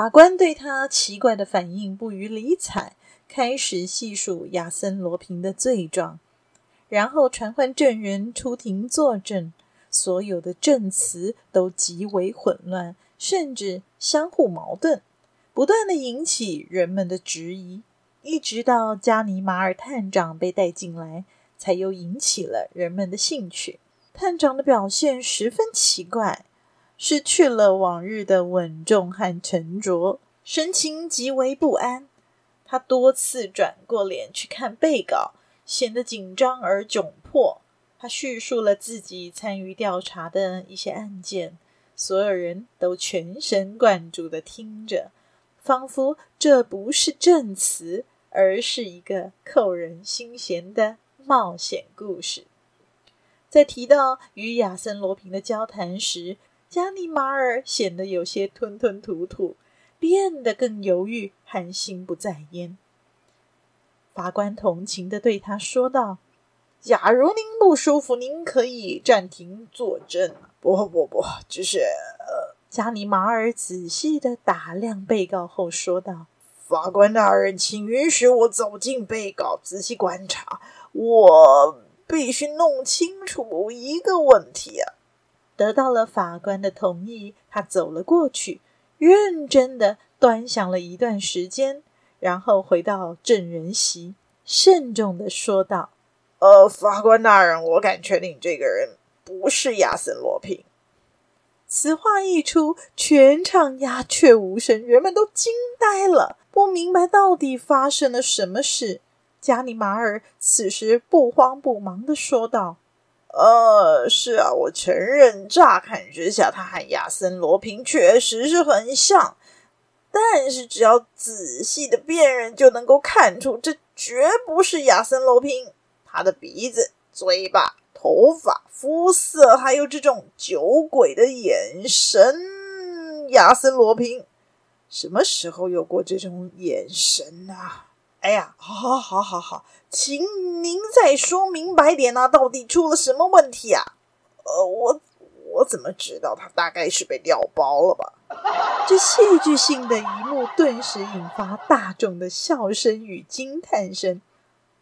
法官對他奇怪的反應不予理睬，開始細數亞森·羅蘋的罪狀，然後傳喚證人出庭作證。所有的證詞都極為混亂，甚至相互矛盾，不斷的引起人們的質疑。一直到加尼馬爾探長被帶進來，才又引起了人們的興趣。探長的表現十分奇怪。失去了往日的穩重和沉着，神情極為不安。他多次轉過臉去看被告，顯得緊張而窘迫。他敘述了自己參與調查的一些案件，所有人都全神貫注地聽着，仿佛這不是證詞，而是一個扣人心弦的冒險故事。在提到與亞森·羅平的交談時，加尼瑪爾顯得有些吞吞吐吐，變得更猶豫，還心不在焉。法官同情地對他說道：“假如您不舒服，您可以暫停作證。不”“不不不，只、就是……”呃、加尼瑪爾仔細地打量被告後說道：“法官大人，請允許我走近被告，仔細觀察。我必須弄清楚一個問題啊。”得到了法官的同意，他走了過去，認真的端詳了一段時間，然後回到證人席，慎重的說道：“呃，法官大人，我敢確定你這個人不是亞森羅平。”此話一出，全場鴉雀無聲，人們都驚呆了，不明白到底發生了什麼事。加尼馬爾此時不慌不忙的說道。呃、哦，是啊，我承認，乍看之下，他和亞森羅蘋確實是很像，但是只要仔細的辨認，就能夠看出，這絕不是亞森羅蘋。他的鼻子、嘴巴、頭髮、膚色，還有這種酒鬼的眼神，亞森羅蘋什麼時候有過這種眼神呢？啊？哎呀，好，好，好，好，好，請您再說明白點吶、啊，到底出了什麼問題啊？呃，我，我怎麼知道，他大概是被掉包了吧？ 這戲劇性的一幕頓時引發大眾的笑聲與驚嘆聲，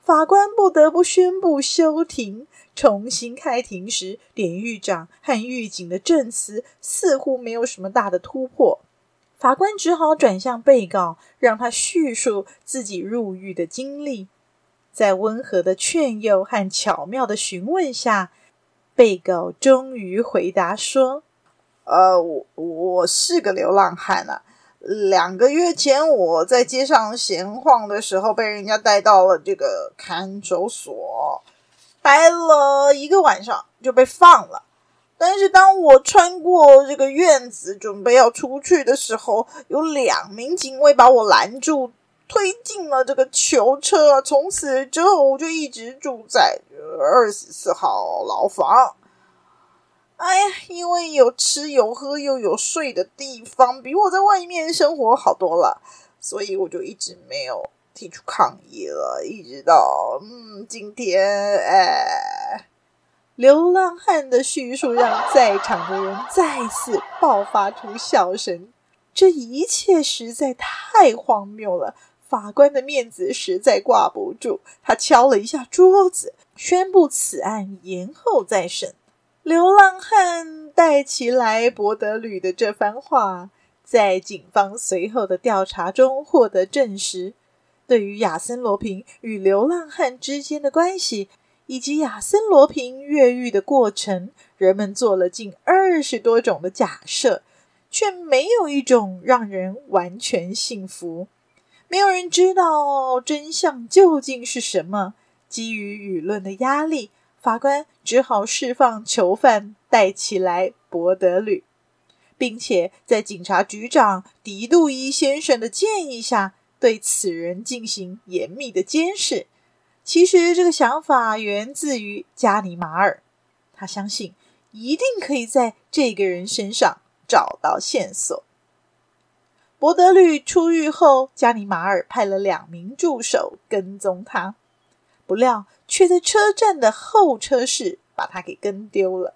法官不得不宣布休庭，重新開庭時，典獄長和獄警的證詞似乎沒有什麼大的突破。法官只好轉向被告，讓他敘述自己入獄的經歷。在溫和的勸誘和巧妙的詢問下，被告終於回答說：“呃，我我是個流浪漢啊。兩個月前我在街上閒晃的時候，被人家帶到了這個看守所，待了一個晚上就被放了。”但是當我穿過這個院子準備要出去的時候，有兩名警衛把我攔住，推進了這個囚車。從此之後，我就一直住在二十四號牢房。哎呀，因為有吃有喝又有睡的地方，比我在外面生活好多了，所以我就一直沒有提出抗議了。一直到，嗯，今天，哎。流浪漢的敘述讓在場的人再次爆發出笑聲，這一切實在太荒謬了。法官的面子實在掛不住，他敲了一下桌子，宣布此案延後再審。流浪漢戴奇萊博德呂的這番話，在警方隨後的調查中獲得證實。對於亞森羅平與流浪漢之間的關係，以及亞森·羅平越獄的過程，人們做了近二十多種的假設，卻沒有一種讓人完全信服。沒有人知道真相究竟是什麼。基於輿論的壓力，法官只好釋放囚犯，帶起來博德律。並且在警察局長狄杜伊先生的建議下，對此人進行嚴密的監視。其實這個想法源自於加尼馬爾，他相信一定可以在這個人身上找到線索。博德律出獄後，加尼馬爾派了兩名助手跟蹤他，不料卻在車站的候車室把他給跟丟了。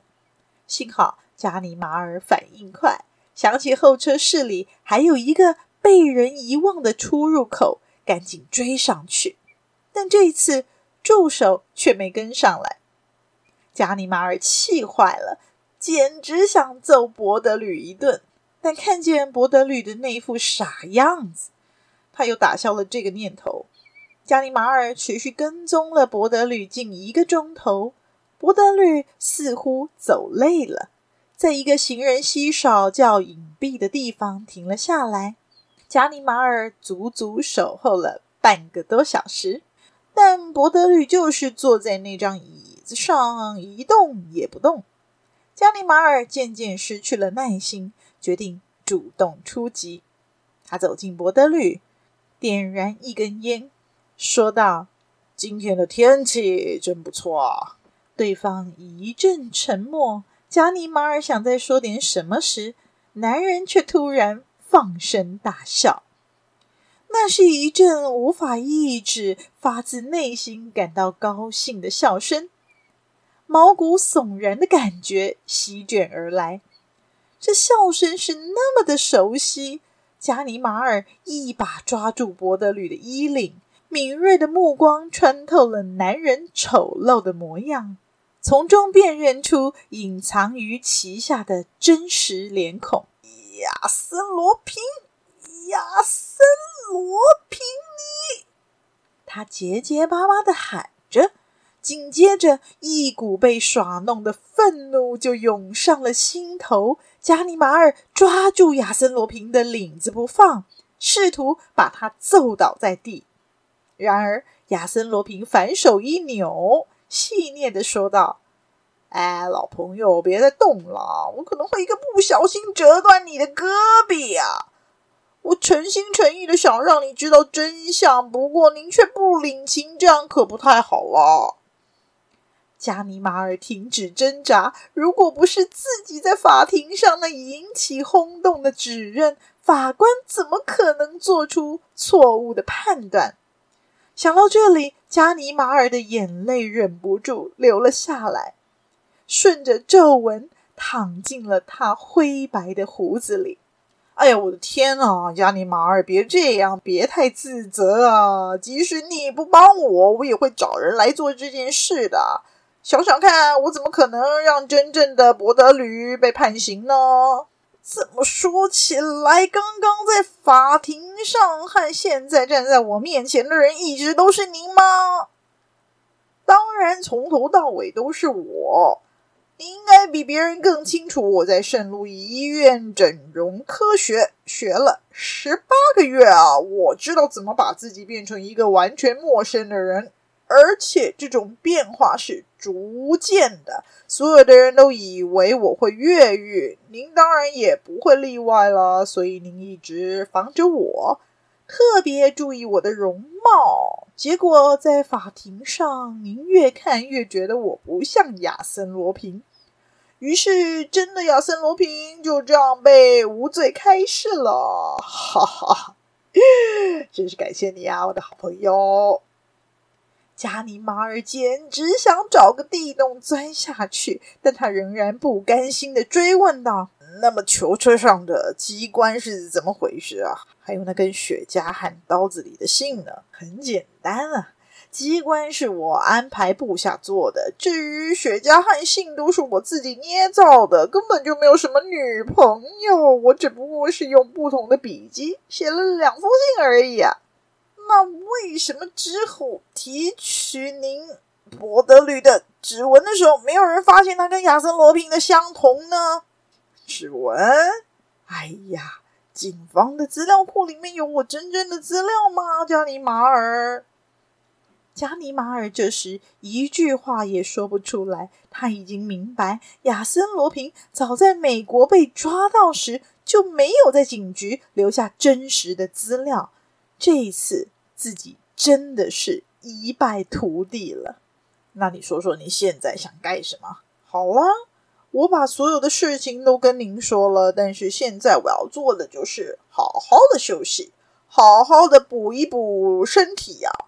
幸好加尼馬爾反應快，想起候車室裡還有一個被人遺忘的出入口，趕緊追上去。但這一次助手卻沒跟上來，加尼馬爾氣壞了，簡直想揍博德呂一頓。但看見博德呂的那副傻樣子，他又打消了這個念頭。加尼馬爾持續跟蹤了博德呂近一個鐘頭，博德呂似乎走累了，在一個行人稀少、較隱蔽的地方停了下來。加尼馬爾足足守候了半個多小時。但博德律就是坐在那張椅子上，一動也不動。加尼馬爾漸漸失去了耐心，決定主動出擊。他走近博德律，點燃一根煙，說道：“今天的天氣真不錯啊。”對方一陣沉默。加尼馬爾想再說點什麼時，男人卻突然放聲大笑。那是一陣無法抑制、發自內心感到高興的笑聲，毛骨悚然的感覺席卷而來。這笑聲是那麼的熟悉，加尼馬爾一把抓住伯德呂的衣領，敏銳的目光穿透了男人醜陋的模樣，從中辨認出隱藏於其下的真實臉孔——亞森羅蘋。他結結巴巴的喊着，緊接着一股被耍弄的憤怒就湧上了心頭。加尼馬爾抓住亞森羅平的領子不放，試圖把他揍倒在地。然而，亞森羅平反手一扭，戲謔的說道：“哎，老朋友，別再動了，我可能會一個不小心折斷你的胳膊呀。”我誠心誠意的想讓你知道真相，不過您卻不領情，這樣可不太好啊。加尼馬爾停止掙扎。如果不是自己在法庭上那引起轟動的指認，法官怎麼可能做出錯誤的判斷？想到這裡，加尼馬爾的眼淚忍不住流了下來，順着皺紋淌進了他灰白的鬍子裡。哎呀，我的天吶、啊，加尼瑪爾，別這樣，別太自責啊！即使你不幫我，我也會找人來做這件事的。想想看，我怎麼可能讓真正的博德呂被判刑呢？怎麼說起來，剛剛在法庭上，和現在站在我面前的人，一直都是您嗎？當然，從頭到尾都是我。您應該比別人更清楚，我在聖路易醫院整容科學學了十八個月啊！我知道怎麼把自己變成一個完全陌生的人，而且這種變化是逐漸的。所有的人都以為我會越獄，您當然也不會例外了。所以您一直防著我，特別注意我的容貌。結果在法庭上，您越看越覺得我不像亞森羅平。於是，真的亞森羅蘋就這樣被無罪開釋了。哈哈，哈，哈，真是感謝你啊，我的好朋友加尼馬爾，簡直想找個地洞鑽下去。但他仍然不甘心的追問道：“那麼，囚車上的機關是怎麼回事啊？還有那根雪茄和刀子裡的信呢？”很簡單啊。」機關是我安排部下做的，至於雪茄和信都是我自己捏造的，根本就沒有什麼女朋友。我只不過是用不同的筆跡寫了兩封信而已啊。那為什麼之後提取您博德呂的指紋的時候，沒有人發現他跟亞森羅蘋的相同呢？指紋？哎呀，警方的資料庫裡面有我真正的資料嗎，加尼馬爾？加尼馬爾這時一句話也說不出來，他已經明白，亞森羅平早在美國被抓到時就沒有在警局留下真實的資料，這一次自己真的是一敗塗地了。那你說說你現在想幹什麼？好啦，我把所有的事情都跟您說了，但是現在我要做的就是好好的休息，好好的補一補身體呀、啊。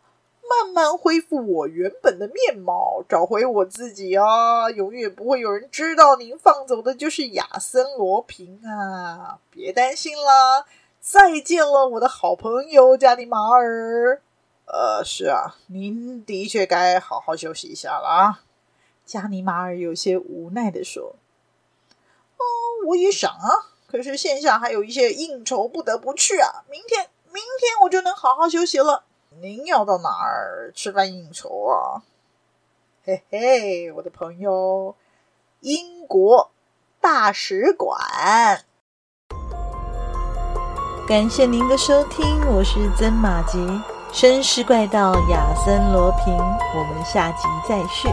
慢慢恢復我原本的面貌，找回我自己啊！永遠不會有人知道您放走的就是亞森羅蘋啊！別擔心啦，再見了，我的好朋友加尼馬爾。呃，是啊，您的確該好好休息一下了啊。加尼馬爾有些無奈地說：“哦，我也想啊，可是現在還有一些應酬不得不去啊。明天，明天我就能好好休息了。”您要到哪兒吃飯應酬啊？嘿嘿，我的朋友，英國大使館。感謝您的收聽，我是曾馬吉，紳士怪盜亞森羅蘋，我們下集再續。